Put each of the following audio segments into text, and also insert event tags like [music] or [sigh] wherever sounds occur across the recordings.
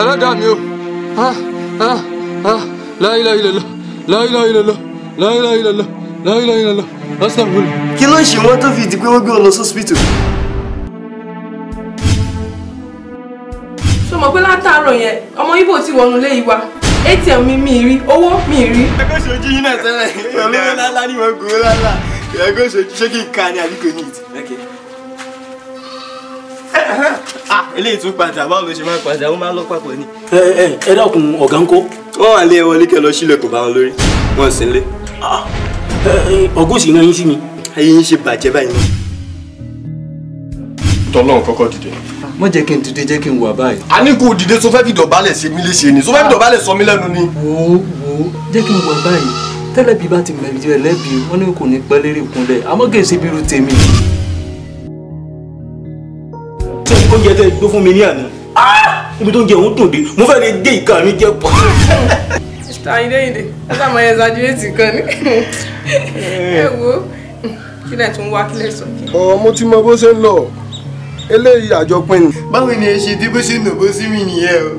ẹlẹ́dàá mi o láyìlá ìlẹ̀lọ láyìlá ìlẹ̀lọ láyìlá ìlẹ̀lọ láyìlá ìlẹ̀lọ lọ́sẹ̀ wọlé. kí ló ń ṣe wọ́n tó fi di pé wọ́n gbé ọ lọ sọ́sibítù. ṣé o mọ̀ pé látàárọ̀ yẹn ọmọ ibo ti wọnú ilé yìí wá atm mi mi rí owó mi rí. ẹgbẹ́ ṣojú yín náà tẹ́lẹ̀ olówó lálá ni wọ́n gbowó lálá ẹgbẹ́ ṣojú ṣé kí n ka ni àbí [laughs] ah eléyìí tún padà báwo ló ṣe máa padà ó máa lọ papọ̀ ni. ẹ ẹ ẹ dákun ọ̀gá ń kó. wọ́n wà lé wọlé kẹ́ lọ sílẹ̀ kò bá wọn lórí wọ́n sì ń lé. Ah, ọgọ́sì náà yín sí mi. ayé yín ṣe bàjẹ́ báyìí ni. tọ́lọ́run kọ́kọ́ dìde. mo jẹ́ kí n dìde jẹ́ kí n wà báyìí. a ní kó o dìde tó fẹ́ fi dọ̀bálẹ̀ ṣe mí léṣe ni tó fẹ́ fi ah. dọ̀bálẹ̀ sọ mí lẹ́nu ni. wò ó wò ó jẹ́ kí n wà báyìí tẹ́lẹ̀ bí bá ti mẹ̀rí ẹlẹ́bi wọ́n ní kò ní pẹ́ oúnjẹ tẹ gbé fún mi ní àná ah! ibi tó ń jẹ òun dùn dé mo fẹ́ lè dé ìka mi jẹ pọ̀. ṣàyẹ̀dẹ̀yẹ̀dẹ̀ ọ̀sán máa yẹ ṣàdúrẹ́tì kan ní ẹ wo kílẹ̀ tún wá kílẹ̀ sọ. ọmọ tí mo bó ṣe ń lọ eléyìí àjọpín ni. báwo ni ẹ ṣe dé bó ṣe ń nàbó sí mi nìyẹn o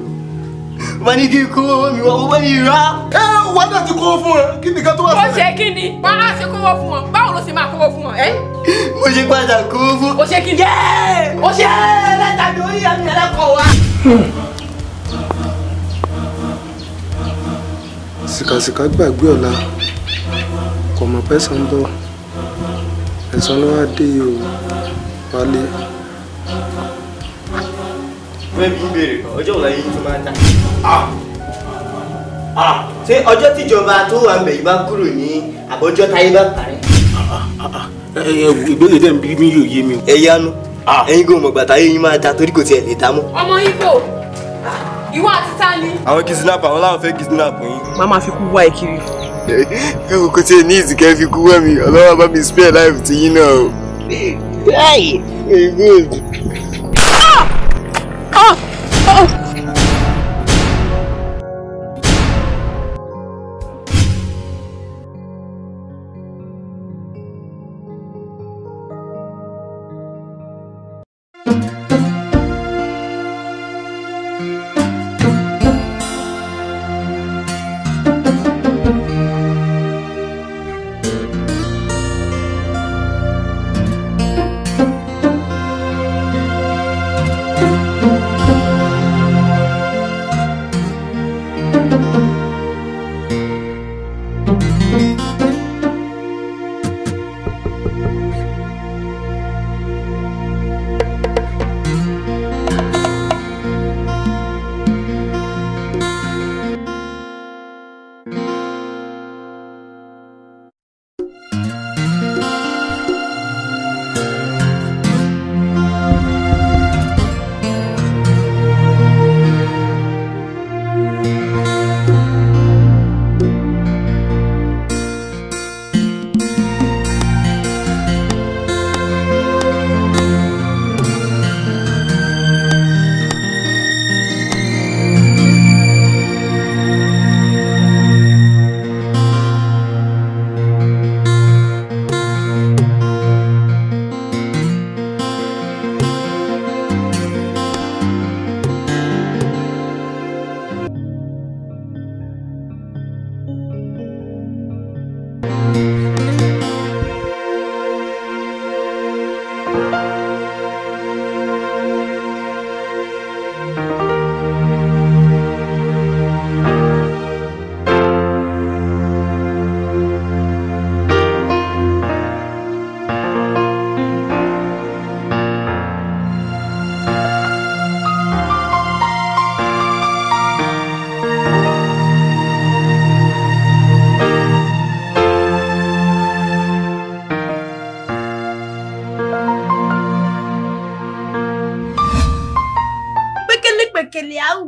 wọ́n ní kí n kó mi wọ́n wọ́n ní ra. ẹ wọ́n náà kó fún ẹ kí nìkan tó wà sílẹ̀. ó ṣe kí ni. wá ṣe kówó fún wọn báwo ló ṣe máa kówó fún wọn ẹ. mo ṣe padà kówó fún. o ṣe kí ni. o ṣe ẹlẹ́tàdé orí ẹ̀mí ẹlẹ́kọ̀ọ́ wa. sìkàsìkà gbàgbé ọ̀la kò mọ̀ pẹ́sàn ń bọ̀ ẹ̀sán ló wá dé o wálé. fẹ́ẹ́ bí ń béèrè ọjọ́ ọ̀la yìí tó máa dá. Ah! Ah! ṣé ọjọ́ tíjọba tó wà ń bẹ̀ yìí bá kúrò ní àbọ̀jọ́ táyé bá parẹ́. ìbéèrè dẹ́n bí mi yóò yé mi o. ẹ yánu ẹyin kò mọ̀ gbàtà yín máa da torí kò tiẹ̀ lè dá mọ́. ọmọ ibo ìwọ àti ta ni. àwọn kìsìnàpù àwọn làwọn fẹ́ kìsìnàpù yín. má máa fi kú wá ẹ kiri. ẹ kò tí ì ní ìsìnkẹ́ fi kú wá mi ọlọ́wọ́ bá mi spare life ti yín náà o. báyìí.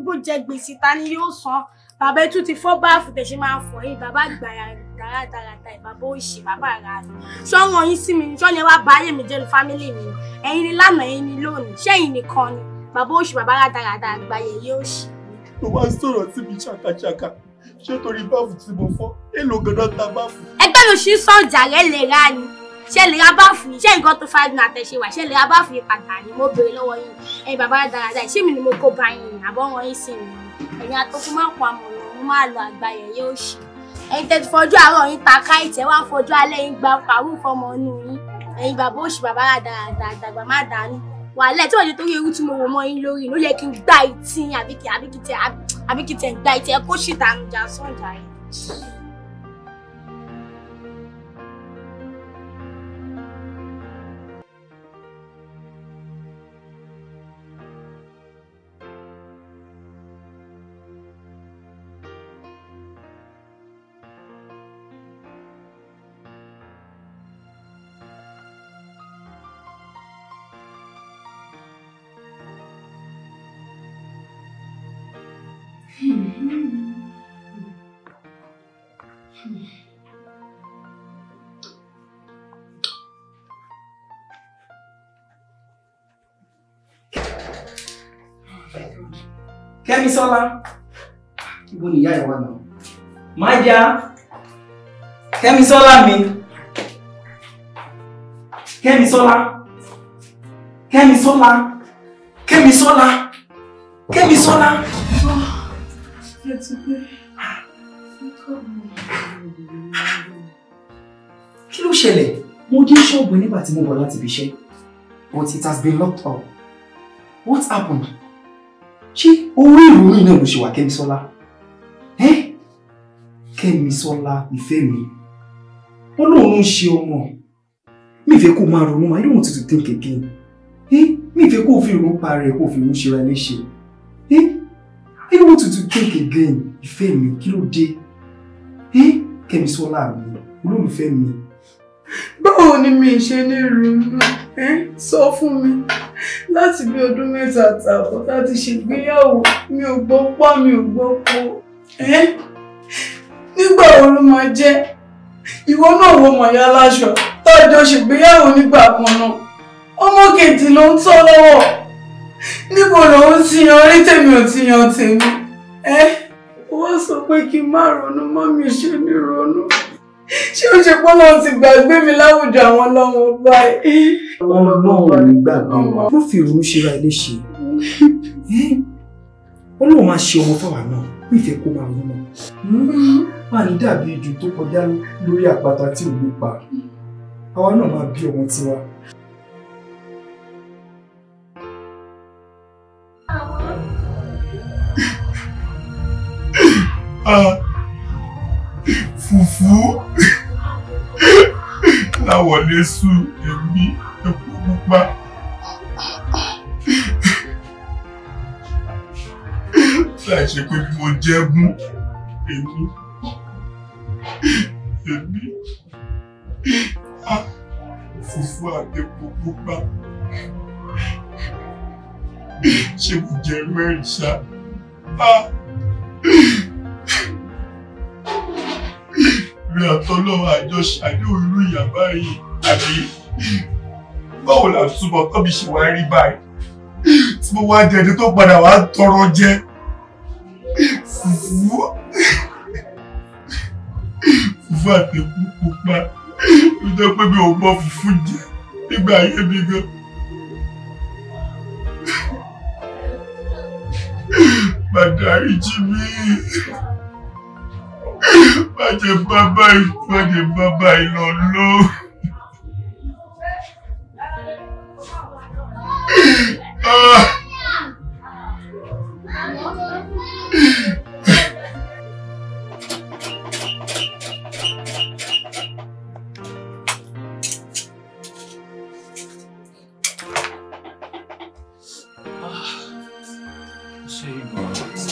gbogbo jẹ gbèsè ta ni yóò san bàbá ẹ tún ti fọ́ báàfù tẹ̀ ṣe máa fọ̀ yìí bàbá gbàyà dáradára ìbàbá òṣì bàbá ara rẹ̀ ṣọ́run yín sí mi ṣọ́ni wá bá ayé mi jẹ́nu fámílì mi ẹ̀yin ni lánàá ẹ̀yin ni lónìí ṣẹ́yìn nìkan ni bàbá òṣì bàbá rádaràdà àgbáyé yóò ṣì. ló wá sọ̀rọ̀ sí mi ṣàkàṣàkà ṣé torí báàfù tí mo fọ́ èèlò gan ta báàfù. ẹgbẹ́ mi ò ṣí ṣé lè ra báàfù yìí ṣé nǹkan tó five náà tẹ̀sí wà ṣé lè ra báàfù yìí pàtàkì ni mo béèrè lọ́wọ́ yín ẹ̀yin bàbá dáadáa ṣé mi ni mo kó ba yín àbọ̀ wọn yín sì ni ẹ̀yin atọ́kùn máa pa àmọ̀ lòun máa lo àgbáyẹ̀ yóò ṣe ẹ̀yin tẹ́ ti fojú àárọ̀ yín ta káìtì ẹ̀ wá fojú alẹ́ yín gba pàrú fọmọ inú yín ẹ̀yin bàbá òṣì bàbá dáadáa àgbà má dànù wàhálà tí wọ́n ti torí ewu tí mo wọ̀ mọ́ yín lórí ló yẹ kí n gbá ìtì àbíkìtì àbíkìtì ẹ̀ ń gbá ìtì ẹ̀ kó ṣìtà àrùn jà sọ̀njà yìí. Bísọ́lá ibo nìyá ẹ̀ wà náà máa ya sola mi sola. Kẹ́misọ́lá Kẹ́misọ́lá Kẹ́misọ́lá Kẹ́misọ́lá. kí ló ṣẹlẹ̀ mo dé ṣọ́ọ̀bù nígbà tí mo bọ̀ láti fi ṣe but it has been locked up what happened ṣé orí ìrònú náà ló ṣe wà kẹ́misọ́lá kẹ́misọ́lá ìfẹ́ mi wọ́n lóun ń ṣe ọmọ mi ìfẹ́ kó máa ronú máa yóò tutù tẹ́ kékeré mi ìfẹ́ kó fi ìrònú pa rẹ̀ kó fi ìrònú ṣe ra ilé ṣe I don't want you to think again ìfẹ́ mi kí ló dé kẹ́misọ́lá mi olólùfẹ́ mi báwo ni mi ṣe ní ronú ẹ sọ fún mi láti bí ọdún mẹ́ta àtààbọ̀ láti ṣègbéyàwó mi ò gbọ́ pá mi ò gbọ́ po ẹ nígbà wo ló máa jẹ́ ìwọ náà wo mọ̀yá aláṣọ tọ́jọ́ ṣègbéyàwó nígbà kan náà ọmọ kejì ló ń tọ́ lọ́wọ́ níbo lòun ti yan orí tèmi ò ti yan tèmi ẹ wọ́n sọ pé kí n má ronú mọ́ mi ṣe ní ronú ṣé ó ṣe pọ́nlọ́ ti gbàgbé mi láwùjọ àwọn ọlọ́run báyìí. ọlọ́run ní gbàgbọ́ wọn. mo fi òru ṣe ra ilé ṣe. ọlọ́run máa ṣe ọmọ fáwa náà bí ìfẹ́ kó máa mú wọn. má ní dàbí ejò tó kọjá lórí àpáta tí òun pa àwa náà máa bí ọmọ tiwa. Ah, fufu. Ọláwọlé sú èmi epo pupa. láì ṣe pé mo jẹ́ gún èmi èmi fùfú àti epo pupa ṣé mo jẹ mẹ́rin ṣá. Ah! rí àtọ́lọ́wọ́ àjọṣe àdéhùn irú ìyàbá yìí àbí báwo la túbọ̀ tóbi ṣe wá rí báyìí tí mo wá jẹ ẹni tó padà wá tọrọ jẹ fùfú fùfú àtẹkù pupa ló jẹ pé mi ò mọ fùfú jẹ nígbà ayé mi gan. Màdàrí jí mi má jẹ́ bàbá yìí má jẹ́ bàbá yìí lọ lọ. Ṣé ìgbọ̀n?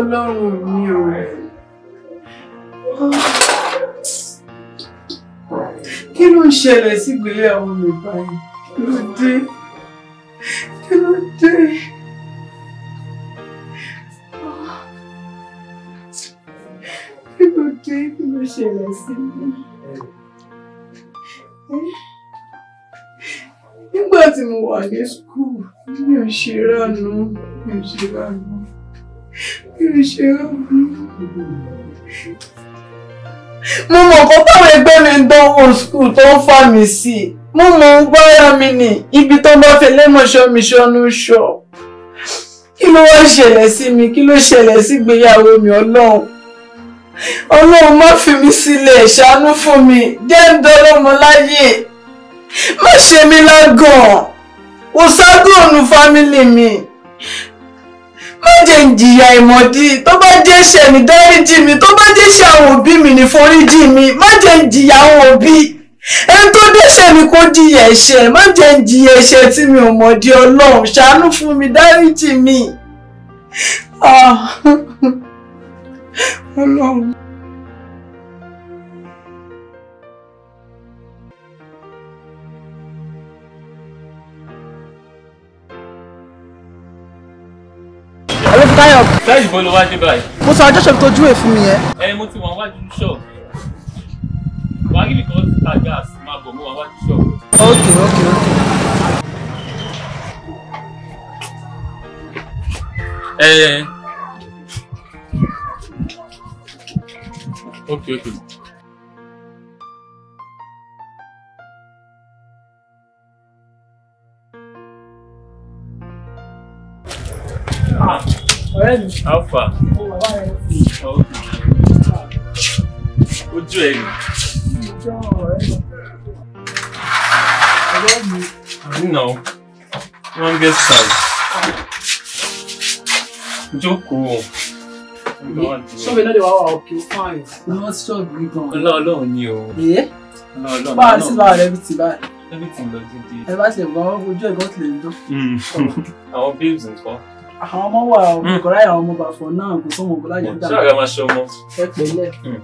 ọlọ́run mi o. Kí ló ń ṣẹlẹ̀ sí ìgbéyàwó mi báyìí? Kí ló dé? Kí ló dé? Kí ló dé? Kí ló ṣẹlẹ̀ sí mi? Eh? Nígbà tí mo wà ní skul, mi ò ṣe ránú, mi ò ṣe ránú mo mọ̀ kó táwọn ẹgbẹ́ mi ń dánwò skul tó ń fà mí sí i mo mọ̀ ń gbọ́ra mi nì ibi tó bá fi lẹ́mọ̀ṣọ́ mi ṣọ́nú ṣọ́ kí ló wá ṣẹlẹ̀ sí mi kí ló ṣẹlẹ̀ sí ìgbéyàwó mi ọlọ́run ọlọ́run má fi mí sílẹ̀ ṣàánú fún mi jẹ́ ń dọ́lọ́mọ láyè má ṣe mí lágàn kò ságòónù fámílì mi má jẹ́ ń ìmọ̀dí tó bá jẹ́ ṣẹ̀ ní dáríjì mi tó bá jẹ́ ṣẹ̀ àwọn òbí mi ní foríjì mi má jẹ́ ń àwọn òbí ẹni tó dẹ́ṣẹ̀ ni kó jìyà ẹ̀ṣẹ̀ má jẹ́ ń ẹ̀ṣẹ̀ tí mi ò mọ̀dí ọlọ́run ṣàánú fún mi dáríjì mi ah. [laughs] ọlọ́run. Báyọ̀. Fẹ́ẹ̀sì bó ló wá dé báyìí. Mo sọ àjọṣe tó jú èfún mi yẹn. Ẹ mo ti wà wájú ṣọ́ọ̀bù. Wàá kí nìkan ti ta gáàsì máa bọ̀ mo wà wájú ṣọ́ọ̀bù. Okay, okay, okay. Ẹ okay, okay. Ah ọ̀rẹ́ mi. alfa ojú ẹ̀ ni. ọ̀rẹ́ mi. nínà wọ́n gẹ́ sàì jókòó. sọ́bẹ̀ náà lè wá wà òkè fáìn. lọ́wọ́ sọ́ọ̀bù gan. ọlọ́ọ̀lọ́ọ̀ ni o. bá a ti bá a rẹ̀ bí ti bá a rẹ̀ everything lọ dídí. ẹ bá ṣe gbọ́ ojú ẹ̀gbọ́n tilẹ̀ ń dán. Hmm. [laughs] àwọn babes nǹkan àwọn ọmọ wà hmm. ọmọ kọlá àwọn ọmọ bàfọ náà kò sọmọ kọlá yẹn dà. sọ àgbà máa ṣe ọmọ. ẹ pẹ̀lẹ́. Hmm.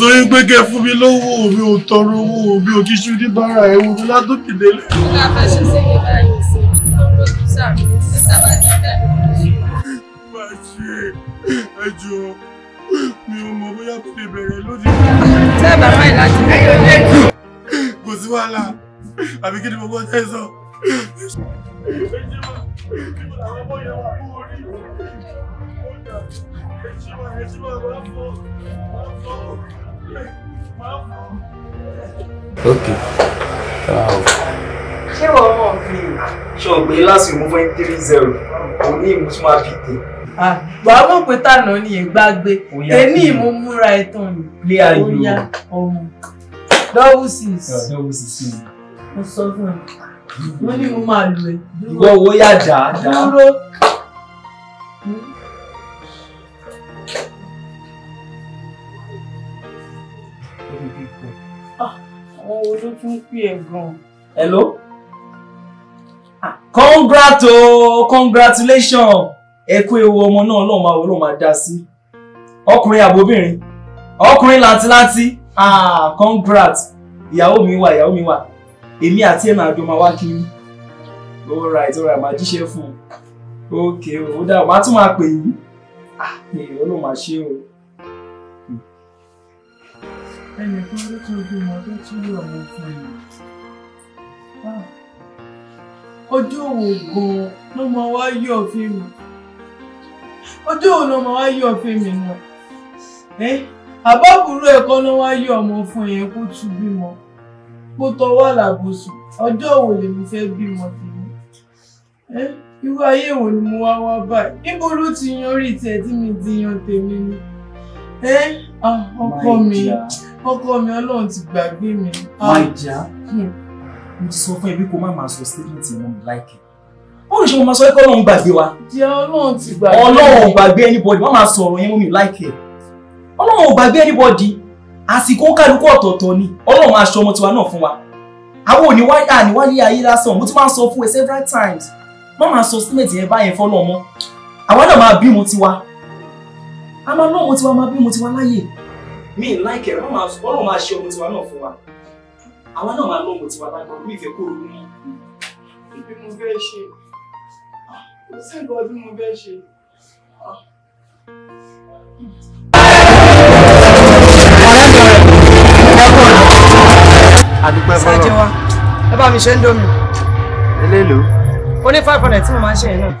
sọ yín pé kẹ́ fún mi lówó mi ò tọrọ owó mi ò kí ṣúdí bára ẹ̀ wò mí látòkè délé. ẹjọ mi ò mọ bóyá kò lè bẹ̀rẹ̀ lóde. tẹ́ ẹ bá máa ìlàjì ẹ̀yọ́ lẹ́jù. kò sí wàhálà àbí kí ni mo gbọ́ tẹ́ Okay. ọmọ yẹn wà kú orí ẹtí máa ẹtí máa máa fọ máa fọ máa fọ. ok wow. ṣé wọn mọ fi ṣọgbẹ láti mú fún three zero òun ní ìmúsùn máa fi tè ah, wàá mọ̀ pé tànà ni ìgbàgbé tẹ́ni ìmúmúra ẹ̀tàn ni lé ayò ọmọ dọ́wù sí i. mo sọ fún ẹ wọ́n ní mo máa lù ẹ́. ìwọ owó yà dáa dáa. dúró. Ah, àwọn wo ló tún pè é gan hello. congrats o congratulations ẹ kú ewu ọmọ náà lọ́ọ́ máa wọ́n lọ́ọ́ máa dá sí ọkùnrin àbóbìnrin ọkùnrin làǹtìlàǹtì ah congrats ìyàwó mi wà ìyàwó mi wà. èmi àti ẹnà àjọ máa wá kiri all right máa jíṣẹ́ fún un ok ó dá máa tún máa pè yí ah èèyàn máa ṣe o. ẹnì kan ló tún tó tún lọ mọ fún yìí ọjọ́ wo gan-an ló máa wá náà eh, àbábùrú ẹ̀kọ́ ló wá ọmọ fún kó mo tọwọ́ àlàbòsùn ọjọ́ wo lèmi fẹ́ bímọ tèmi irú ayé wo ni mo wá wá báyìí níbo ló ti yan orí tiẹ̀ tí mi ti yan tèmi ni ọkọ mi ọkọ mi ọlọ́run ti gbàgbé mi. máa jà hmm. mo ti sọ fún ẹbí kó má máa sọ statement yẹn mi láìkẹ́ ó lè ṣe mo máa sọ pé ọlọ́run gbàgbé wa ọlọ́run gbàgbé anybody má máa sọ ọ̀rọ̀ yẹn mọ́ mi láìkẹ́ ọlọ́run ò gbàgbé anybody àsìkò kálukú ọ̀tọ̀ọ̀tọ̀ ni ọlọ́run máa ṣe ọmọ tiwa náà fún wa àwọn òní wá yà ní wálé ayé lásán mo ti máa ń sọ fún ẹ several times má máa sọ statement yẹn báyẹn fọ́nà ọmọ àwa náà máa bímọ tiwa a máa lọ́mọ tiwa máa bímọ tiwa láyè mi ì láìkẹ̀ rẹ̀ ọlọ́run máa ṣe ọmọ tiwa náà fún wa àwa náà máa lọ́mọ tiwa lágbọ́n mi ìfẹ́ kó ronú ibi mo fẹ́ ṣe ah, kò sí nǹkan mo fẹ́ ṣe. Ah. àdúpẹ́ fọlọ́ sáájú wa ẹ bá mi ṣe ń domi. eléèlò. ó ní five hundred tí mo máa ń ṣe yẹn náà.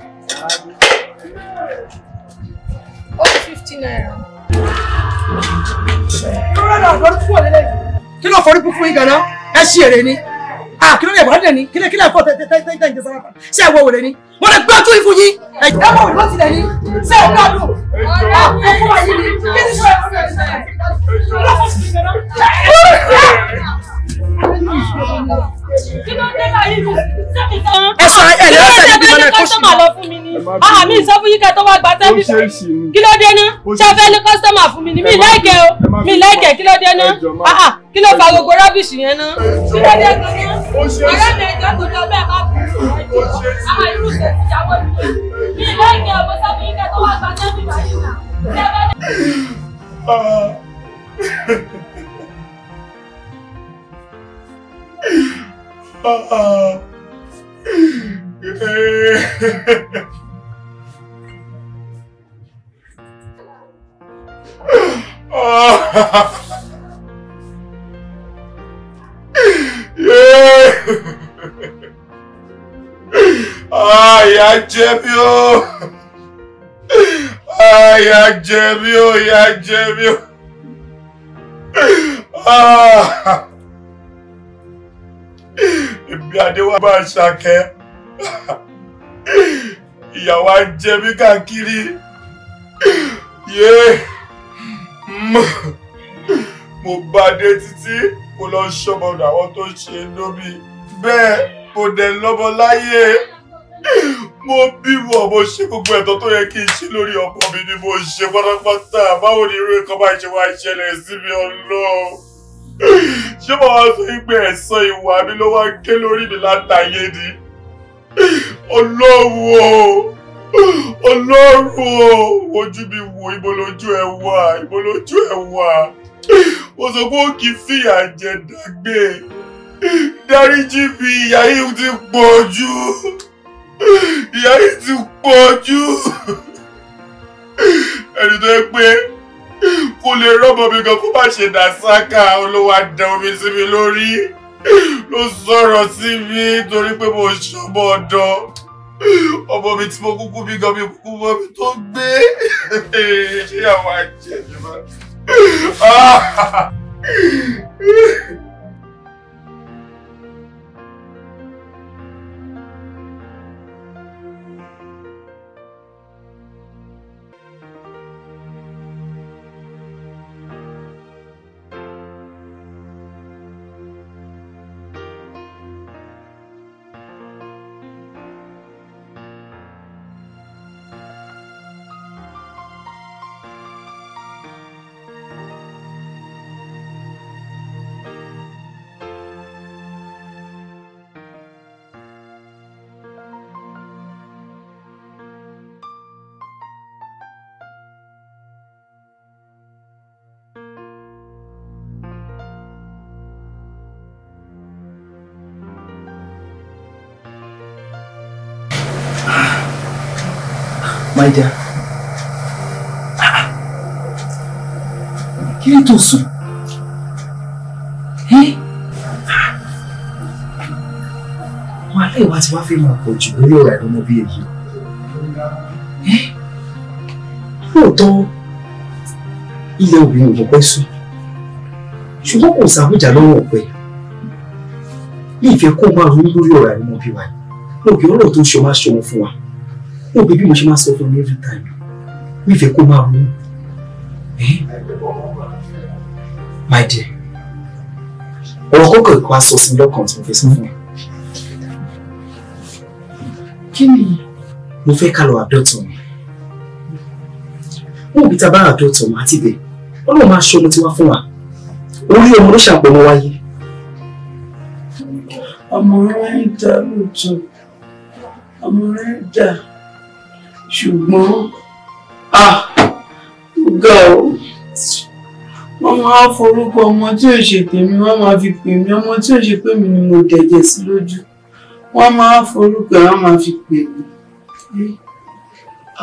ó ní fifty naira. kí ló forí kúkú yìí gan ẹ ṣí èrè ni. Ah, kí ló ní ẹ̀bọ̀n dẹ̀ni kí lè fọ́ tẹ́tẹ́tẹ́ ìjẹsà wà ṣé ẹ̀wọ̀ wèrè ẹ sọ ẹ lè lọ́sẹ̀ níbi mọ́lẹ̀ kó sì. ọ̀hà mi ah, sọ fún yín kẹ́ tó wá gba sẹ́fíìsì kí ló dé ná ṣẹ́fẹ́ ní kọ́sítọ́mà fún mi ni mi láìkẹ́ o mi láìkẹ́ kí ló dé ná ah, ah, kí ló fa gbogbo rọ́bìṣì yẹn ná kí ló dé gan ná ọ̀rẹ́ mi ẹ̀jọ́ kò jọ bẹ́ẹ̀ bá kú ọ̀hà irú ṣe ti jáwọ́ mi láìkẹ́ ọ̀bọ̀ sọ fún yín kẹ́ tó wá gba sẹ́fíìsì Ah. [laughs] Ìyà jẹ mí o! Ìyà jẹ mí o! Ìyà jẹ mí o! Ah! èmi adéwà bá ṣàkẹ́ ìyàwó ajé mi káàkiri yé mo bá dé títí mo lọ ṣọmọdà àwọn tó ṣe lómi bẹ́ẹ̀ mo dẹ̀ lọ́mọ láyé mo bímọ mo ṣe gbogbo ẹ̀tọ́ tó yẹ kí n ṣe lórí ọkọ mi ni mo ṣe pátápátá báwo ni irú nǹkan bá ṣe wá ṣẹlẹ̀ sí mi ọlọ́run ṣé mo wá sọ pé ẹ̀san ìwà mi ló wá gé lórí mi látàyè ni ọlọ́run o ọlọ́run o ojú mi wo ibo lójú ẹ wà ibo lójú ẹ wà mo sọ pé ó kì í fìyà jẹ dágbé dáríjì mi ìyà yìí ti pọ̀ jù ìyà yìí ti pọ̀ jù ẹni tó yẹ pé kò lè rọ́bọ̀ mi gan kó má ṣe dà sáká olówó adán omi sí mi lórí ló sọ̀rọ̀ sí mi torí pé mo ṣọmọ ọ̀dọ́ ọmọ mi tí mo kúkú bí gan mi kúkú mọ́ mi tó gbé ṣé àwọn àjẹjọba. Láìjà kí ni tó sùn? Wọ́n alẹ́ ìwà tí wọ́n fi máa pọ̀ jù lórí ọ̀rọ̀ ẹ̀dọ́mọ bí èyí. Lóòótọ́ ilẹ̀ obìnrin ò pẹ́ sùn ṣùgbọ́n kò sàbújà lọ́wọ́ ọ̀pẹ. Ní ìfẹ́ kó máa ronú lórí ọ̀rọ̀ ẹ̀dọ́mọ bí wa, mo kì í rò tó ṣe máa ṣe òun fún wa ó bí bí mo ṣe máa sọ fún mi every time mi fẹ́ kó máa ronú my dear ọ̀rọ̀ kọ́kọ́ ìkọ́ aṣọ sí lọ́kàn tí mo fẹ́ sọ fún ẹ. kí ni mo fẹ́ ká lọ àdọ́tọ̀ mi mo bí ta bá àdọ́tọ̀ mi àti bẹ́ẹ̀ ọlọ́run máa ṣọ́ ọmọ tiwa fún wa orí ọmọ ló ṣàpọ̀ ọmọ wáyé. ọmọ rẹ ń dá lóòótọ́ ọmọ rẹ ń ṣùgbọ́n ah ọgá o wọ́n máa forúkọ ọmọ tí ò ṣe tèmi wọ́n máa fi pè mí ọmọ tí ò ṣe pé mi ni mo dẹ̀jẹ̀ sí lójú wọ́n máa forúkọ ẹ̀ wọ́n máa fi pè mí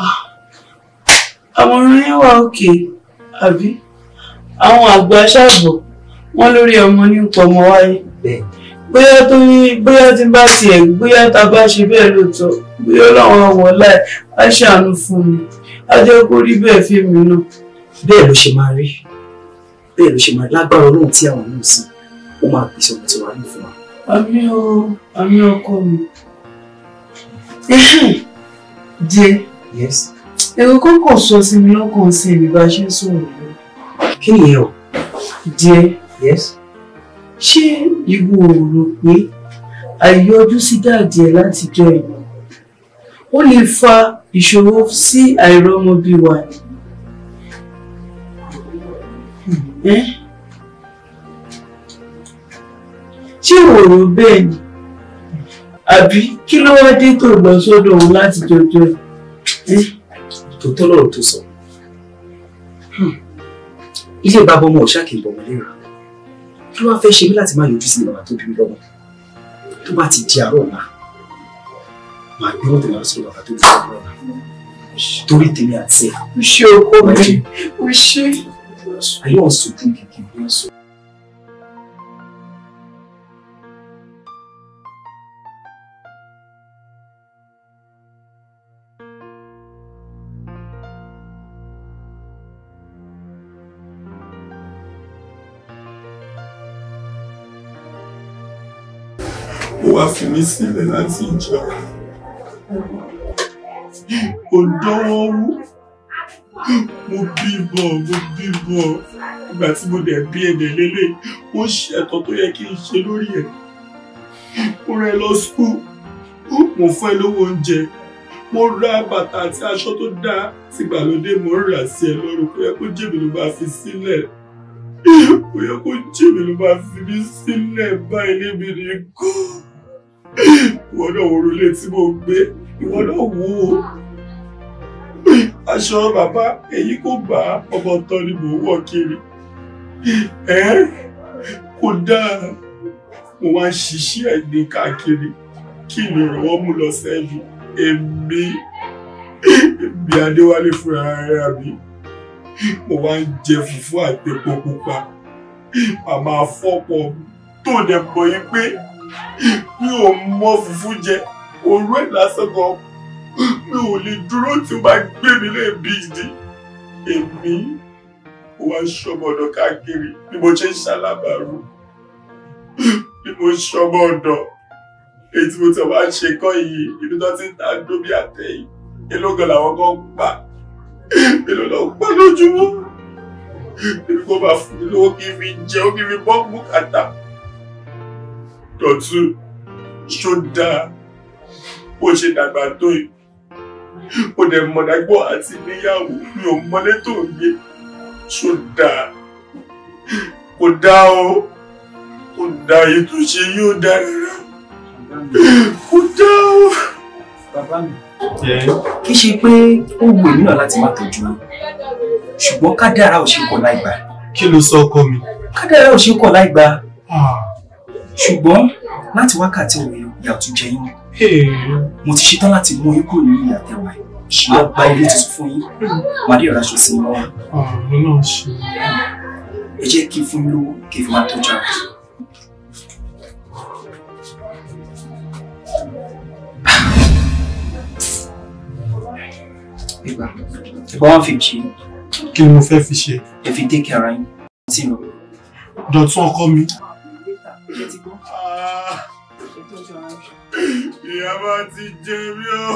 eh, ah, àmọ̀ràn yẹn wà òkè àbí àwọn àgbà ṣàbọ̀ wọ́n lórí ọmọ ní pọ̀ ọmọ wáyé bẹ́ẹ̀ bóyá torí bóyá tí n bá tiẹ̀ bóyá tá a bá ṣe bẹ́ẹ̀ lóòótọ́ bóyá ọlọ́run ọwọ́ láì á ṣàánú fún mi á jẹ́ kó rí bẹ́ẹ̀ fíìmù náà. bẹ́ẹ̀ ló ṣe máa rí bẹ́ẹ̀ ló ṣe máa rí lágbára ọlọ́run tí àwọn náà sìn ó máa pèsè ọ̀nà tí wàá ní fún wa. àmì o àmì ọkọ mi jẹ èrò kọ́kọ́ sọ sí mi lọ́kàn sí ibi bá ṣe ń sọ̀rọ̀ lọ. kí ni ẹ o. jẹ ṣé ìwọ ò rò pé àìyọjú sí dáàdì ẹ látijọ́ ìlú ó lè fa ìṣòro sí àìrọ́mọbí wa ṣé ò rò bẹ́ẹ̀ ni àbí kí ló wá dé tó lọ sọ́dọ̀ òun láti jọjọ́ ẹ. tòótọ́ lọ́rọ̀ tó sọ hmm. ilé bàbá ọmọ ọ̀ṣà kì í bọ̀ kí wọ́n fẹ́ ṣe mí láti má yọjú sí bàbá tó bí mi lọ́wọ́ tó bá ti di àárọ̀ ọ̀la màá gbé mọ́tò lọ sí bàbá tó bí mi lọ́wọ́ torí tèmi àti ẹ̀. o ṣe ọkọ mi o ṣe. àyọ̀ ọ̀sùn kìkì bí wọ́n wá fi mí sílẹ̀ láti ìjọ kò dánwó wú mo bíbọ mo bíbọ ìgbà tí mo dẹ̀ bí ẹ̀dẹ̀ lélẹ̀ ó ṣe ẹ̀tọ́ tó yẹ kí n ṣe lórí ẹ̀ mo rẹ lọ skul mo fún ẹ lówó oúnjẹ mo ra bàtà àti aṣọ tó dáa tìgbàlódé mo rà sí ẹ lọ́rùn kó yẹ kó jèmi ló bá fi sílẹ̀ kò yẹ kó jèmi ló máa fi mí sílẹ̀ báyìí lébi ní ìwọ náà wo orúlé tí mo gbé ìwọ náà wò ó aṣọ bàbá èyí kò bá ọmọ tán ni mò ń wọ̀ kiri ẹ kò dáa mo wá ń ṣiṣẹ́ ẹ̀gbin káàkiri kí ni ìrànwọ́ mú lọ sẹ́yìn èmi èmi adéwálé fúnra ara mi mo wá ń jẹ fùfú àtẹ̀pọ̀ pupa màmá fọ́pọ̀ tó dẹ̀ mọ̀ yín pé mi ò mọ fùfú jẹ òru ẹ̀ lásán gan mi ò lè dúró tí ó bá gbé mi léèbí ìdí èmi ó wá ṣọmọ ọ̀dọ̀ káàkiri bí mo ṣe ń ṣalábàárù bí mo ṣọmọ ọ̀dọ̀ èyí tí mo ti wá ṣe kọ́ yìí ibi tó ti ń ta dóbi àtẹ̀yìn elógan làwọn kan pa èlò lọ pa lójúmọ́ èmi kò bá fún mi lówó kí n fi jẹun kí n fi bọ́ bùkátà. Dọ̀tún ṣó dáa bó ṣe dàgbà tó yìí ó dẹ̀ mọ̀dágbọ́ àti níyàwó mi ò mọlé tó gbé ṣó dáa kò dáa o kò dáa èyí tó ṣe yóò dáa rárá kò dáa o. bàbá mi kì í ṣe pé ó wù èmi náà láti má tọ́jú mi ṣùgbọ́n kádàrá ò ṣe kọ̀ láìgbà. kí ló sọ ọkọ mi. kádàrá ò ṣe kọ̀ láìgbà. Ah ṣùgbọ́n láti wákàtí òwe ìyà tún jẹ yín mo ti ṣetán láti mú yín kúrò nínú ìyà tẹwà má gba ilé tuntun fún yín má dé ìraṣọ sí wọn. Ah, ẹ jẹ́ kí n fún yín lówó kí n fi máa tọ́jú ara. Ìgbà one fifty. Kí ni mo fẹ́ fi ṣe? Ẹ fi dé kí ara yín. Dọ̀tún ọkọ mi. Ṣé ti gbọ́? Ṣé ah. tó ń ṣe ọ̀rọ̀ ṣe? Ìyá bá ti jẹ mí o.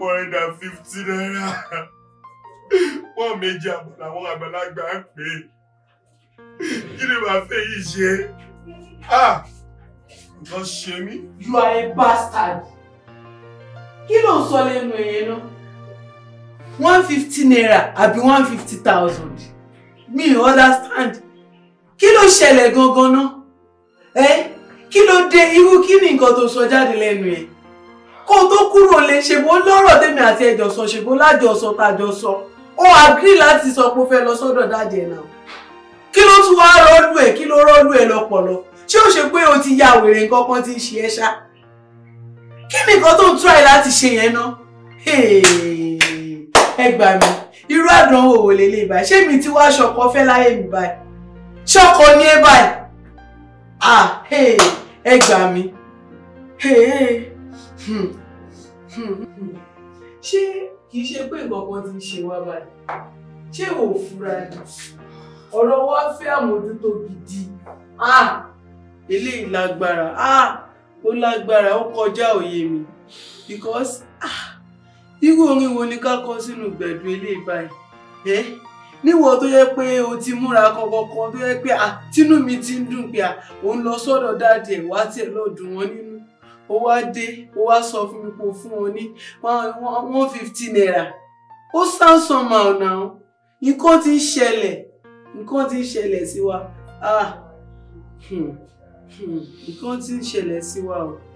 One hundred and fifty naira. Wọ́n méjì àbọ̀ làwọn àgbàlagbà ń pè é. Kí ni màá fẹ́ yìí ṣe? Ah! Nǹkan ṣe mí. You are a bastard. Kí ló ń sọ lẹ́nu ẹ̀yẹn náà? one fifty naira àbí one fifty thousand mi understand kí ló ṣẹlẹ̀ gangan náà ẹ kí ló dé irú kí ni nǹkan tó sọ jáde lẹ́nu ẹ̀ kó o tó kúrò lè ṣèbó lọ́rọ̀ tèmi àti ẹ̀jọ̀ sọ ṣèbó lájọ sọ ó agree láti sọ pé ó fẹ́ lọ sọ́dọ̀ dájẹ́ náà kí ló tún wá rọ́ọ̀lù ẹ̀ kí ló rọ́ọ̀lù ẹ̀ lọ́pọlọ ṣé ó ṣe pé o ti ya wèrè nǹkan kan ti ń ṣe ẹ́ ṣá kí nìkan tó ń try láti ṣe yẹn náà ẹ gbà mí irú àdánwò wò lélẹ̀ báyìí ṣé mi ti wá ṣọkọ fẹ́ láyé mi báyìí ṣọkọ ní ẹ báyìí ah ẹ gbà mí hmm, hmm, hmm. ṣé kìí ṣe pé nǹkan kan ti ń ṣe wá báyìí ṣé ò fura ni ọ̀rọ̀ wa fẹ́ àmójútó gidi ah eléyìí lágbára ah ó lágbára ó kọjá òye mi because ah iru orin wo ni ká sinu sínú ele eléyìí e ni níwọ̀ to ye pe o ti kan to tó pe a tinu mi ti dun dùn a o n lọ sọ́dọ̀ dáadé ẹ̀ wá tiẹ̀ lọ́ọ́ nínú ó wa de ó wa sọ fún mi fun fún wọn ní one fifty naira ó sound ọna now ti ti n si wa ah, hmm, hmm, ti n si wa o.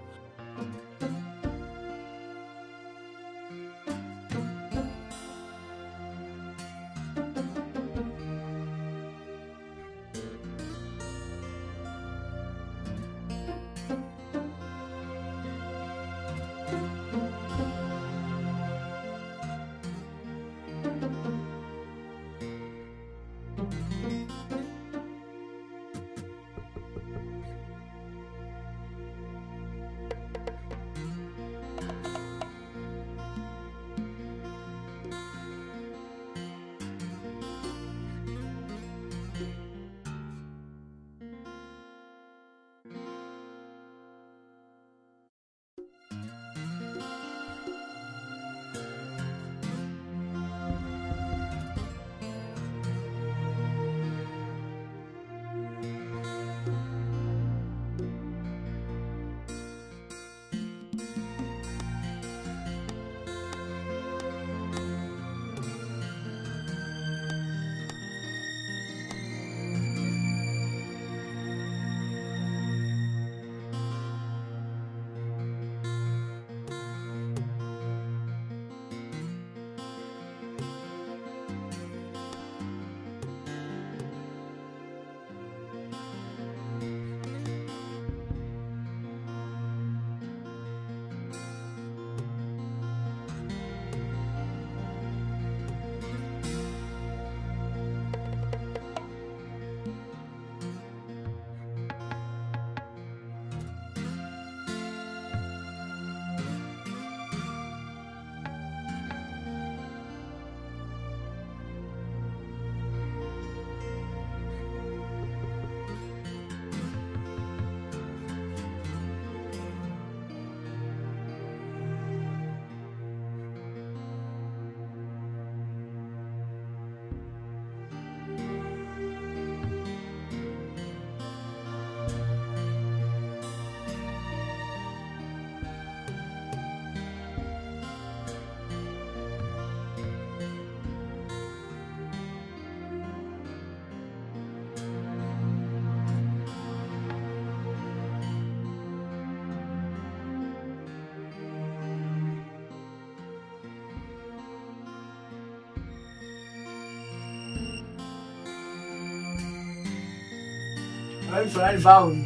ọ̀rẹ́ ìṣọ̀rá ní báwo ni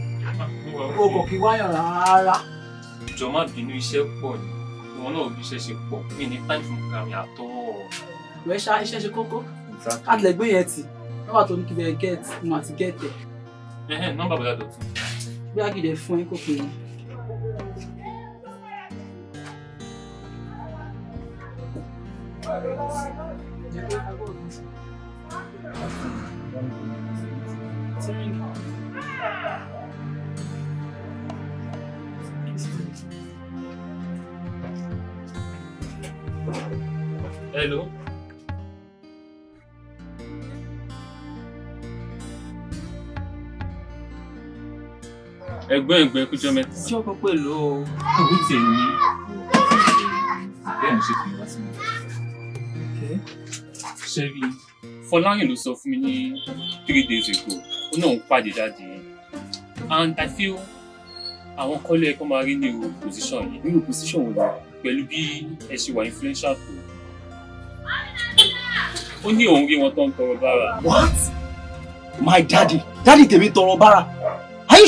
o kò kí wáyàn rárá. ìjọ má bínú iṣẹ́ pọ̀ ni wọn náà bí iṣẹ́ ṣe pọ̀ mí ní táì fún gàmì àtọ́. ìwẹ́ ṣá iṣẹ́ ṣe kókó àtìlẹ́gbẹ́ yẹn ti nọ́mbà tó ní kí bẹ́ẹ̀ gẹ́ẹ̀tì mo àti gẹ́ẹ̀tì. nọ́mbà bàbá dọ̀tun. bí a kìí dẹ̀ fún ẹ kó pe wọn. gbọ́ ìgbẹ́ kújọ́ mẹ́ta. tí ọkọ pẹ̀lú o. òbí tèmi bẹ́ẹ̀ ń ṣe kí n wá sí mi. ṣé rí Fọláyìn ló sọ fún mi ní three days ago ó náà ń pàdé dáadé and I feel àwọn kọ́lé ẹ̀kọ́ máa rí ní irú position yìí nínú position wo ni pẹ̀lú bí ẹ ṣe wà influential tó. ó ní òun rí wọn tó ń tọrọ bára. What? My daddy, daddy tèmi tọrọ bára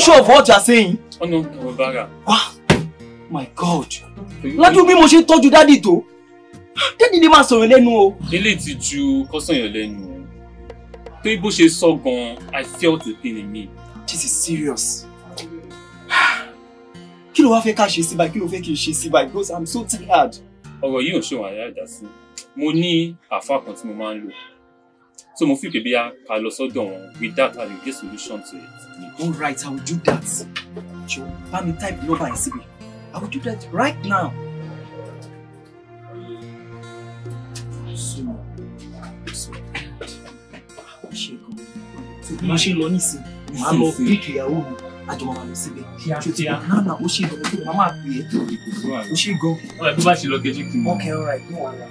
you sure of what you are saying? ọ̀nà ọ̀bára. wá my god lájú bí mo ṣe tọ́jú dádì tó dádì lè máa sọ̀rọ̀ lẹ́nu o. ilé ti ju kọ́sànyàn lẹ́nu o pé bó ṣe sọ gan-an i felt the pain in me. this is serious. kí ló wá fẹ́ ká ṣe sí báyìí kí ló fẹ́ kí n because i'm so tired. Oh yìí ò ṣe wàhálà ìdásí mo ní àfa kan tí mo máa So mo feel pé ká lọ sọ́dọ̀ wọn with that I solution to it. All right, I will do that. Jọ̀ọ́ bá type number yẹn síbi. I will do that right now. So, so, ṣe gan. Má ṣe lọ nísìnyí, màá lọ pick ìyàwó mi, àjọmọ̀ màá lọ síbẹ̀. Ṣé ti náà náà ó ṣe gan, màá máa pè é. Ó ṣe gan. Ọ̀rẹ́ tó bá ṣe lọ kejì kì í. Okay, all right, no wahala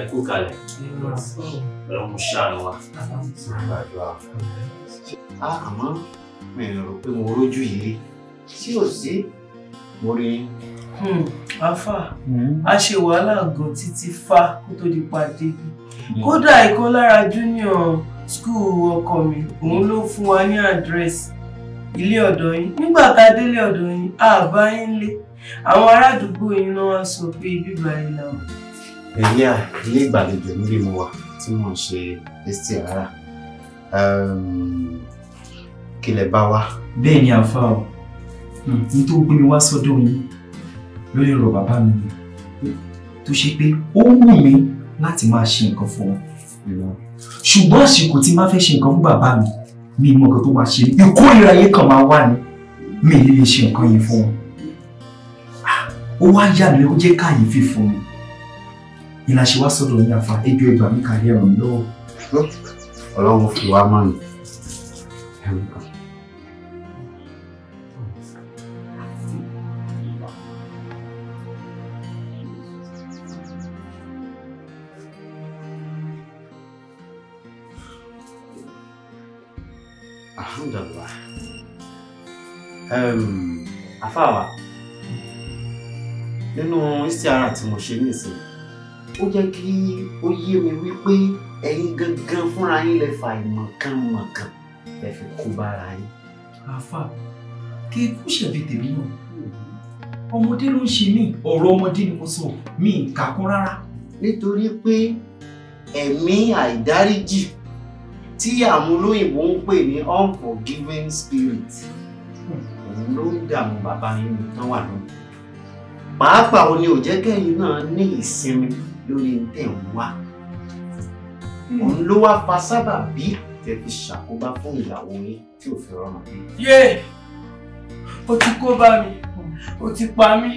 ẹ kú kalẹ̀ ọlọ́run mo ṣàánú wa. a àmọ́ mi ò rò pé mo rójú yìí sí ò sí mo rí. afa a ṣe wàhálà gan títí fa kó tó di pàdé hmm. kódà ìkan lára junior school ọkọ mi òun ló fún wa ní àdírẹ́sì ilé ọ̀dọ̀ yín nígbà tá a délé ọ̀dọ̀ yín àbá yín lé àwọn ará àdúgbò yín náà wá sọ pé bíbá yín làwọn ẹ̀yà ilé ìgbàlejò lórí mo wà tí mò ń ṣe ẹ́sítì rárá ehm, kí lẹ bá wá. bẹ́ẹ̀ ni àfa o hmm, ní tó gbé mi wá sọ́dọ̀ yín lórí ọ̀rọ̀ bàbá mi ni tó ṣe pé ó wù mí láti máa ṣe nǹkan fún wọn ṣùgbọ́n àsìkò tí máa fẹ́ ṣe nǹkan fún bàbá mi mi mọ̀ nǹkan tó máa ṣe ìkórìíra yẹn kàn máa wà ní mi ní lè ṣe nǹkan yẹn fún wọn ah, ó wá yà mí ó jẹ́ káyìí fífún mi ìlà ṣe wá sọ̀rọ̀ ní àfa ẹjọ́ ìgbà mi kàrí ẹ̀rọ mi lọ́wọ́. ọlọ́run fi wá mọ́ ni. alhamdulillah um, àfàwà nínú istiara tí mo ṣe nísìnyí ó jẹ́ kí ó yé mi wípé ẹ̀yin gangan fúnra yín lè fa ìmọ̀kànmọ̀kàn lè fi kó bára yín. àáfà kí ikú ṣẹ̀bi tèmi náà ọmọdé ló ń ṣe mí ọ̀rọ̀ ọmọdé ni mo sọ mi ì kàkún rárá. nítorí pé ẹ̀mí àìdáríjì tí àwọn olóyìnbó ń pè ní unforgiving spirit òun ló ń dààmú bàbá yín tán wà lónìí pàápàá òun ni ò jẹ́ kẹ́yìn náà ní ìsinmi lórí tẹ̀ ń wá hmm. òun ló wá fa sábà bí tẹ̀ fi ṣàkóbá fún ìyàwó yín tí ò fi rọrùn. yé o ti kó bá mi o ti pa mí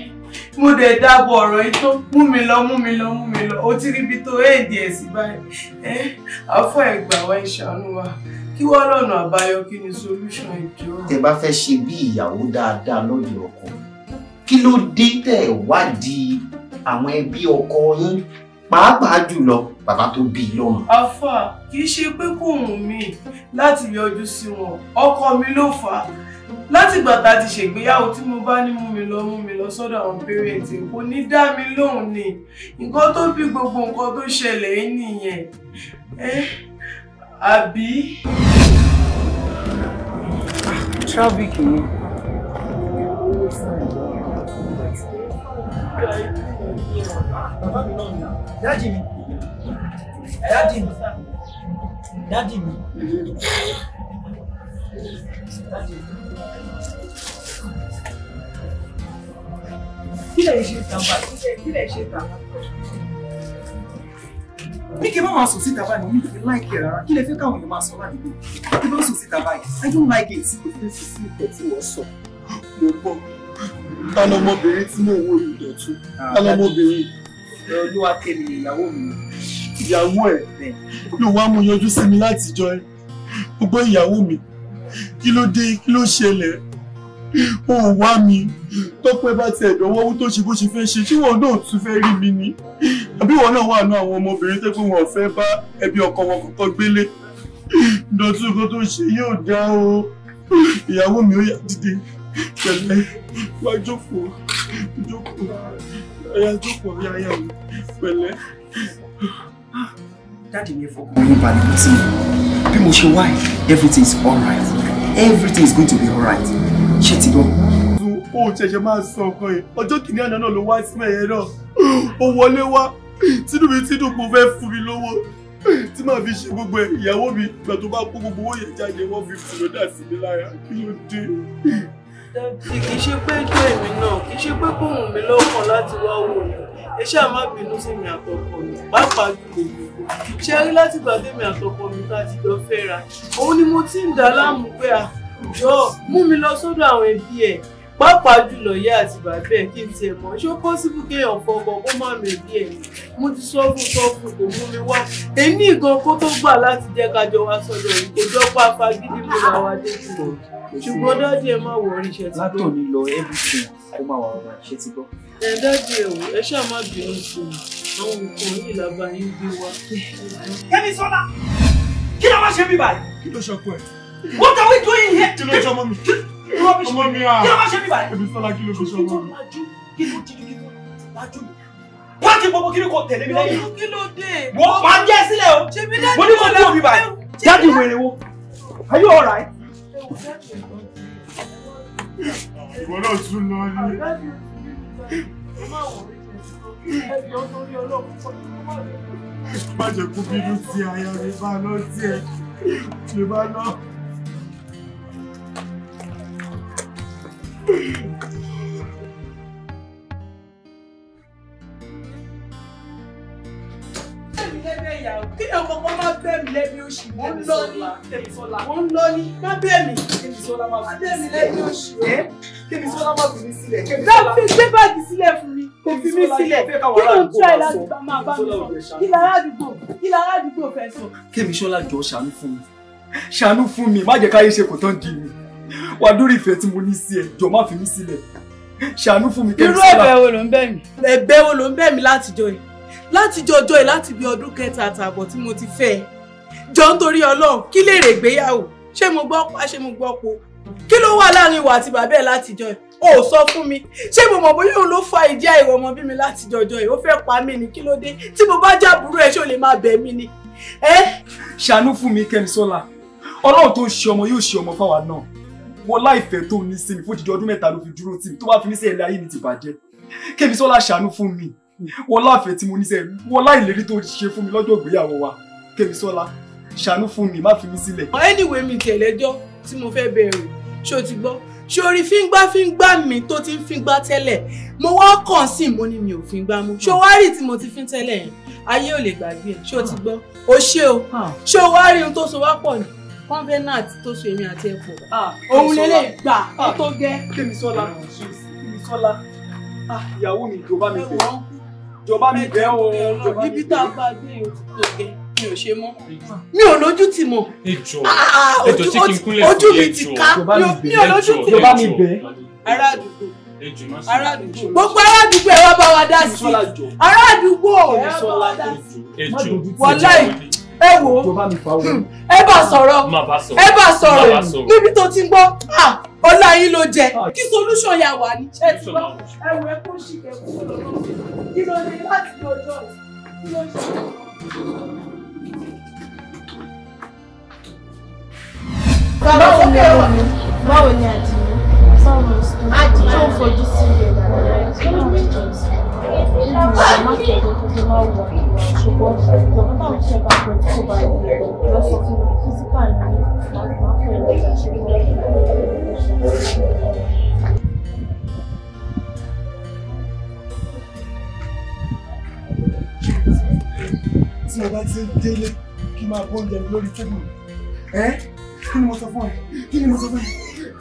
mo dẹ̀ dábọ̀ ọ̀rọ̀ yìí tó mú mi lọ mú mi lọ mú mi lọ o ti ríbi tó éèdì ẹ̀ sí báyìí ẹ́ àfọ ẹ̀gbà wa ìṣàánú wa kí wá lọ́nà àbáyọ kí ni solution ìjọ. tẹ bá fẹ́ ṣe bí ìyàwó dáadáa lọ́dọ̀ ọkọ kí ló dé tẹ̀ wádìí àwọn ẹbí ọkọ yín pàápàá jùlọ bàbá tó bí i lọ́rùn. àfà kì í ṣe pé kò wù mí láti yọjú sí wọn ọkọ mi ló fà á láti ìgbà ti ṣègbéyàwó tí mo bá ní mú mi lọ mú mi lọ sọ́dọ̀ àwọn pẹrẹǹtì kò ní dá mi lóhùn ni nǹkan tó bí gbogbo nǹkan tó ṣẹlẹ̀ yìí nìyẹn ẹ àbí. traffic ni. Bàbá mi náà ni dádì mi dádì mi dádì mi dádì mi. kí lè ṣe tàbá kí lè ṣe tàbá. Mi kì í bá máa sùn síta báyìí, mi kì í láìkì rárá. Kí lè fẹ́ káwọn èèyàn máa sọ ládùúgbò? Kí ló ń sùn síta báyìí? I don't like it. Mo fi sí sí ìtẹ̀ tí wọ́n sọ. Mo gbọ́. Tánà ọmọbìnrin tí mò ń wo ìdọ̀tún. Tánà ah, ọmọbìnrin olúwa kèmí ìyàwó mi. ìyàwó ẹ ló wá mú yọjú sí mi látijọ́ ẹ gbogbo ìyàwó mi kí ló dé kí ló ṣẹlẹ̀ ó wá mi tọpẹ bá tiẹ̀ dọwọ owó tó ṣe bó ṣe fẹ́ ṣe ṣé wọn náà tún fẹ́ rí mi ni àbí wọn náà wà ní àwọn ọmọbìnrin tẹ pé wọn ò fẹ́ bá ẹbí ọkọ wọn kọ́kọ́ gbélé dọ̀tún nǹkan tó ṣe yóò dá o ìyàwó mi ó yá dìde pẹ̀lẹ́ wá jókòó jókòó ẹ̀yà jókòó rí ayé mi pẹ̀lẹ́. dáàdì mi fọkàn yín balẹ̀ bí tí bí mo ṣe wá ẹ̀ everything is alright everything is going to be alright ṣé ti gbọ́. o ò ṣẹ̀ṣẹ̀ máa sọ ọkàn yẹn ọjọ́ kìíní àná náà ló wá sí ẹ̀yẹ náà ó wọlé wá tínú mi tínú mo fẹ́ fún mi lówó tí màá fi ṣe gbogbo ẹ̀ ìyàwó mi ìgbà tó bá kó gbogbo owó yẹn jáde wọ́n fi fún mi dà sí mi lára kí ló dé dájú kì í ṣe pé jọ èmi náà kì í ṣe pé kò wù mí lọ́kàn láti wá wò ni ẹ ṣáà má bínú sí mi àtọkọ mi pàápàá jùlọ èmi ṣe rí látìgbà tèmi àtọkọ mi ká ti lọ fẹ́ra òun ni mo ti ń dà láàmú pé àjọ mú mi lọ sọ́dọ̀ àwọn ẹbí ẹ̀ pàápàá jùlọ ìyá àti bàbá ẹ kí n tiẹ̀ mọ̀ ṣé ó pọ́sibú kéèyàn fọkọ kó má mi bí ẹ̀ mo ti sọ fún sọ fún kò mú mi wá èmi gan kó tó gbà láti jẹ́ ká jọ wá sọ́dọ̀ yìí kò jọ pa fagídí mo ra wa dé kúrò ṣùgbọ́n dájú ẹ má wọrí iṣẹ́ ti gbọ́. látòní lọ everything kó má wà wà ṣe ti gbọ́. ẹ dájú ẹ wò ẹ ṣáà má bínú sí i àwọn nǹkan yìí làbá gbé wá. kẹ́mi sọ́lá kí ló wá ṣe mí báyìí. kí ló ṣọkọ What are we doing here? Kí ló ṣe ọmọ mi? Ọmọ mi à. Kí ló wá ṣe mí báyìí? Ẹbí Fọlá kí ló ṣe ọmọ mi? Kí ló dídú kí ló lájú mi? Páàkì gbogbo kí ni kò tẹ̀lé mi lẹ́yìn? Kí ló dé? Wọ́n máa ń jẹ́ sílẹ̀ o. Mo ní kò kúrò mi báyìí. Jáde wèrè wo? Are you alright? Ìwọ náà tún lọ ní. Má jẹ́ kó bínú sí aya mi bá lọ sí ẹ. Mi bá lọ. kí ni ọkọ̀ máa bẹ́ mi lẹ́bi oṣù mò ń lọ ní mò ń lọ ní má bẹ́ mi má bẹ́ mi lẹ́bi oṣù ẹ́ kébí sọ́lá má fi mí sílẹ̀ kébí sọ́lá má fi gbé báàgì sílẹ̀ fún mi kò fi mí sílẹ̀ kí ló ń tún ẹ̀ láti máa bá mi sọ kí lára àdúgbò kí lára àdúgbò fẹ́ sọ. kébí sọ́lá jọ ṣàánú fún mi ṣàánú fún mi má jẹ́ káyé ṣe kò tán di mi wà lórí ìfẹ́ tí mo ní sí ẹ jọ má fi mí sílẹ̀ ṣàánú fún mi kẹ́mi sílá. irú ẹ̀bẹ̀ wo ló ń bẹ̀ mí. ẹ̀bẹ̀ wo ló ń bẹ̀ mí látijọ́ yìí látijọ́ ọjọ́ yìí láti bí ọdún kẹta àtààbọ̀ tí mo ti fẹ́ ẹ jọ nítorí ọlọ́run kí lè rè gbéyàwó ṣé mo gbọ́ pa ṣé mo gbọ́ po kí ló wà láàrin ìwà àti bàbá ẹ̀ látijọ́ yìí o ò sọ fún mi ṣé mo mọ̀ bóyá òun ló fa ìjà ìwọ ọmọ bí mi látijọ́ ọjọ́ yìí ó fẹ́ pa mí ni kí ló dé tí mo bá jábùrú ẹ ṣé o lè máa bẹ̀ mí ni. ṣàánú fún mi kẹ́mi sọ́la ọlọ́run tó ṣe ọmọ yóò ṣe ọmọ fáwa náà wo láìfẹ́ tó ní sí mi fún jíjọ ọdún mẹ́ta ló fi dúró tì mí tó bá fi ní sí ẹ̀lẹ́ mi ti bàjẹ́ kébí sọ́lá ṣàánú fún mi wo láàfẹ́ tí mo ní sẹ́ wo láìlérí tó ṣe fún mi lọ́jọ́ ìgbéyàwó wa kébí sọ́lá ṣàánú fún mi má fi mí sílẹ̀. anyway mi tẹ̀lẹ́jọ́ tí mo fẹ́ bẹ̀rẹ̀ ṣó ti gbọ́ sórí fíngbáfíngbá mi tó ti ń fíngbá tẹ́lẹ̀ mo wá kàn sí mo ní mi ò fíngbá mú ṣó wá rí tí mo ti fín tẹ́lẹ̀ yẹn ayé ò lè gbàgbé ẹ̀ ṣó ti gbọ́ o ṣé o ah. ṣó wá rí ohun tó so wá pọ̀ ni covenant tó so èmi àti ẹ pọ̀. Ah, òun lélẹ̀ gbà ó ah, tó gẹ́. kémi sọ́la kémi sọ́la ah, ìyàwó mi jọba mi bẹ́ẹ̀ jọba mi bẹ́ẹ̀ o jọba mi bẹ́ẹ̀. ibi tá a bá dé o tó gẹ́ mi ò ṣe mọ́ mi ò lójú tì mọ́ ojú mi ti ká mi ò lójú tì mọ́ ará àdúgbò ará àdúgbò gbogbo ará àdúgbò ẹ wá bá wa dá sí ará àdúgbò ẹ wá bá wa dá sí wọlé ẹ wò ó hmm, ẹ bá sọ̀rọ̀ ẹ bá sọ̀rọ̀ níbi tó ti gbọ́ ọlá yín ló jẹ ah. kí solution yà wà ní ṣẹ́ ti ẹ wò ẹ kó kí ló lè láti lọ́jọ́ kí ló ṣe. bàbá ò ní ẹ̀rọ báwo ni àdìyẹ sọ̀rọ̀ àdìyẹ ò fojú sí ilé bàbá rẹ̀ tó ń wẹ̀ jọ sí i tí mo bá ti ń délé kí n máa bọ́ oúnjẹ lórí tébùlù ẹ́ kí ni mo sọ fún ẹ kí ni mo sọ fún ẹ.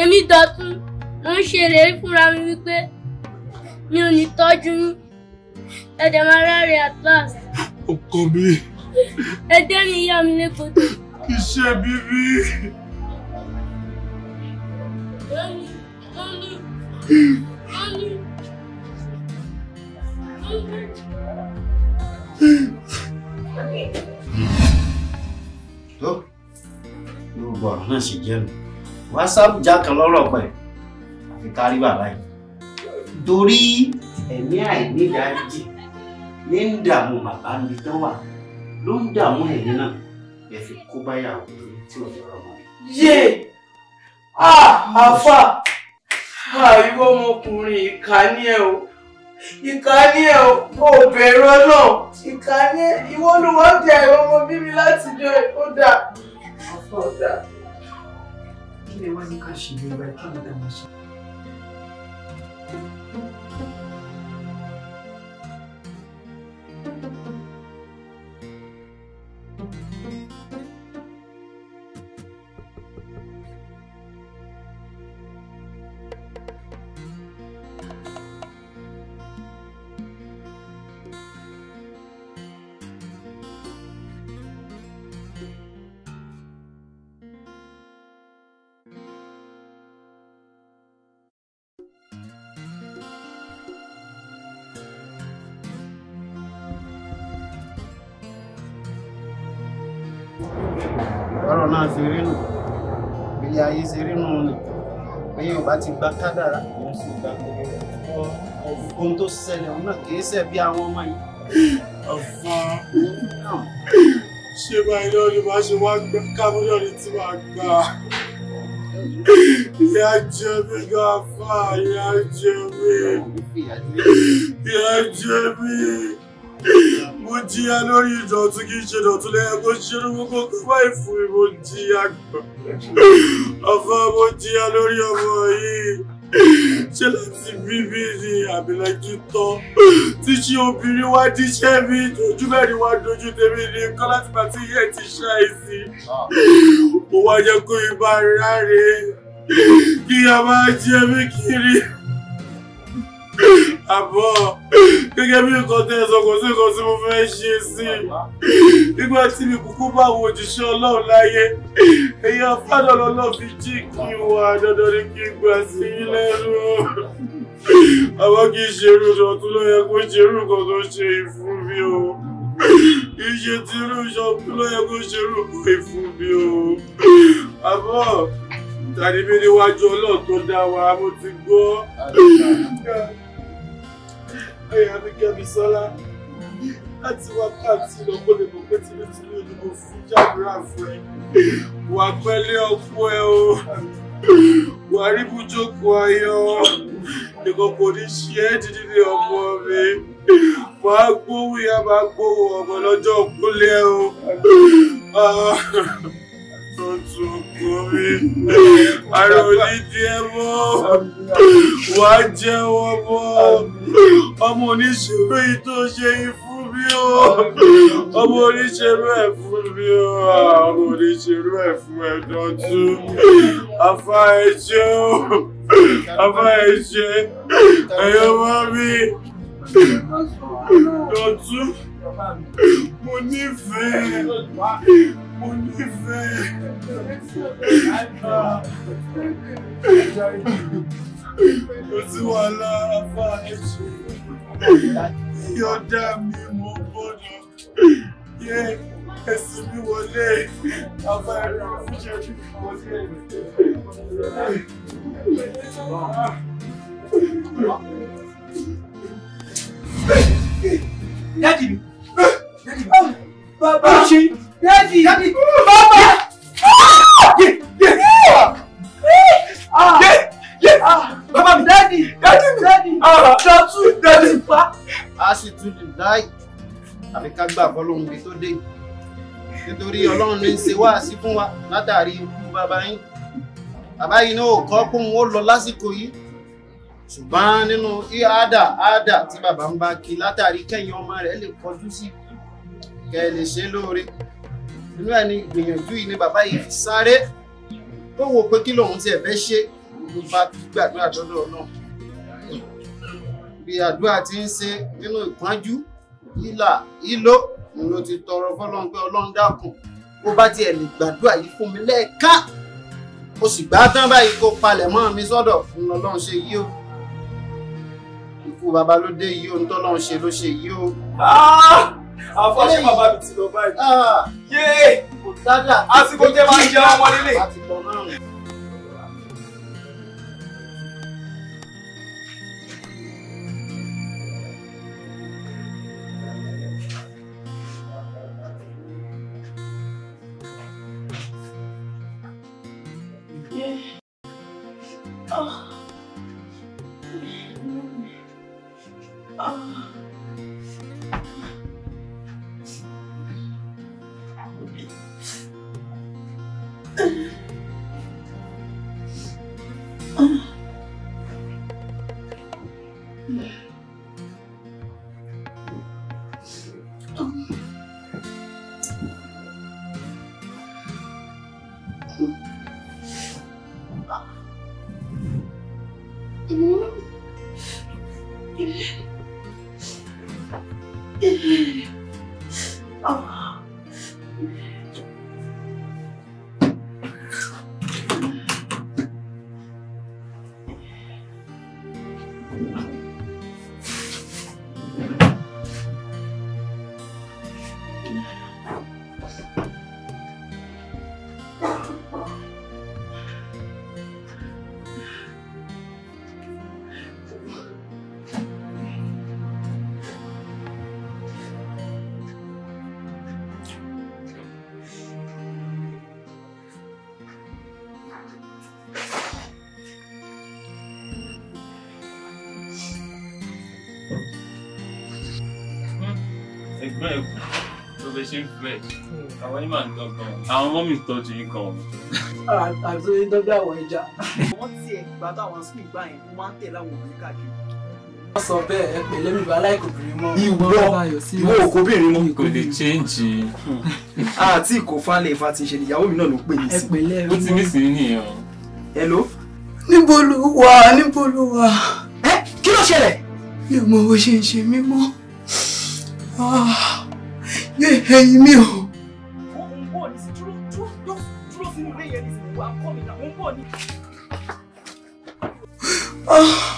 èmi Dọ̀tun mo ń ṣèlérí fúnra mi wípé mi ò ní tọ́jú yín ẹ̀dẹ̀ máa rárẹ̀ at last. ọkọ mi. ẹdẹ mi yá mi lékoto. iṣẹ́ bíbí. Mami, mami, mami, tó yóò náà sì jẹ́ wá sábùjá kan lọ́rọ̀ pẹ̀ àfi kárí bàbá yìí torí ẹ̀mí àìnídàájí ní ń dààmú bàbá mi tán wà ló ń dààmú ẹ̀mí náà ẹ fi kó báyàwó tí ò lọ́rọ̀ mọ́. yé àfà àìwọ ọmọkùnrin ìkà ni ẹ o ìkà ni ẹ o ò bẹ̀rù ọlọ́run ìkà ìwọ ló wá jẹ ọmọ bíbí láti jọ ó dà ó dà. kile wani ka si bɛ ba k'i bɛ taa masa bọ́rọ̀ náà ṣe rí nù ilé ayé ṣe rí nù ni pé yóò bá ti gba kádàrá yóò sì gba ohun tó ṣẹlẹ̀ ọ̀hún náà kìí ṣẹ̀ bí àwọn ọmọ yìí. ọ̀fà ṣé báyìí náà ni màá ṣe wá gbà kámúlọ̀ ni tí màá gbà ìyá jẹ mí gàfà ìyá jẹ mí ìyá jẹ mí mo jìyà lórí ìdọ̀tún kì í ṣe ìdọ̀tún lẹ́yìn kó ṣerú mú kó kó wáyé fún mi mo jìyà gbọ́. ọ̀fọ̀ mo jìyà lórí ọmọ yìí ṣe láti bíbí ni àbílẹ́jú tán tí ṣe obìnrin wá díṣẹ́ mi dojú mẹ́rin wá dojú tèmi ni kọ́lá tí pàtí yẹ ti ṣàìsí mo wá jẹ́ kó ibà ráre kí a máa jẹ mí kiri àbọ̀ gẹ́gẹ́ bí nǹkan tẹ́ ẹ sọ kò sí nǹkan tí mo fẹ́ ṣe sí i nígbà tí mi kúkú bá wo òjíṣẹ́ ọlọ́run láyé èèyàn fádọ́lọ́ náà fi jí kí n wà dandan ní kí n gbà sí i lẹ́nu àmọ́ kì í ṣe irú ọ̀tún ló yẹ kó ṣe irú nǹkan tó ṣe ìfún mi o kì í irú ìṣọ̀tún ló yẹ kó ṣe irú nǹkan ìfún mi o àmọ́ tàbí mi níwájú ọlọ́run tó dá wa mo ti gbọ́ pé Abíkẹ́mi Sọ́lá láti wákàtí lọ kó lè mọ̀ pé tìlẹ̀tìlẹ̀ òdìbò fún jàdúrà fún ẹ. Wà pẹ́lú ọkọ ẹ o. Wà rí bújókòó ayọ̀. Nìkan kò ní ṣe é dídí ní ọmọ mi. Màá gbówó ya máa gbówó ọmọ lọ́jọ́ òkúlẹ̀ o. Ah tó ọmọ oníṣòro yìí tó ṣe yìí fún mi o ọmọ oníṣòro ẹ̀ fún mi o ọmọ oníṣòro ẹ̀ fún ẹ̀ dọ́tún afá ẹ̀ ṣe afá ẹ̀ ẹ̀yọ́ mọ́ mi dọ́tún mo nífẹ̀ẹ́ mo nífẹ̀ẹ́. kò sí wàhálà afá ẹ̀ṣẹ̀ yọ̀dá mi mo gbọ́dọ̀ yẹ ẹ̀sìn mi wọlé afá ẹ̀rọ ìṣẹ́ mi wọlé. Daddy, alhamdulilayi àbí ká gbà fọlọ́run bí tó dé nítorí ọlọ́run ní í ṣe wáàsí fún wa látàrí ikú bàbá yín bàbá yìí ní ò kọ́ pé òun ó lọ lásìkò yìí ṣùgbọ́n nínú àádà àádà tí bàbá ń bá kí látàrí kẹ́yìn ọmọ rẹ̀ lè kọjú sí kẹ́ ẹ lè ṣe lóore inú ẹ̀ ní ìgbìyànjú yìí ni bàbá yìí fi sáré tó wò pé kí lòun tiẹ̀ fẹ́ ṣe òun bá gbàdúrà dọ́dọ̀ náà bí àdúrà ti ń ṣe nínú ìpọ́njú ìlà ìlò ló ti tọrọ fọlọ́run pé ọlọ́run dákun bó bá tiẹ̀ lè gbàdúrà yìí fún mi lẹ́ẹ̀ka o sì gbà tán báyìí kó palẹ̀ mọ́ mi sọ́dọ̀ fún ọlọ́run ṣe yí o ikú bàbá ló dé yí o ntọ́lọ́run ṣe ló ṣe yí o. Ah! àfọ̀ṣẹ́ bàbá mi ti lọ báyìí. Ah! yéé àsìkò jẹ́ máa ń jẹ́ ọmọ nílé. Yeah. [laughs] ṣe ń hmm. ah, ẹ pè lémi bá láì kòbìnrin ìwọ ìwọ òkòbìnrin mọ́. kò lè chéǹjì. Hmm. àti ìkó falẹ̀ ìfà ti ṣe ìyàwó mi náà ló pè mí sí. ẹ ó ti mí sí nìyẹn. hello. níbo ló wà níbo ló wà. ẹ kí ló ṣẹlẹ̀. mi ò mọ bó ṣe ń ṣe mí mọ́. Ah ẹ̀yin mi o. dúró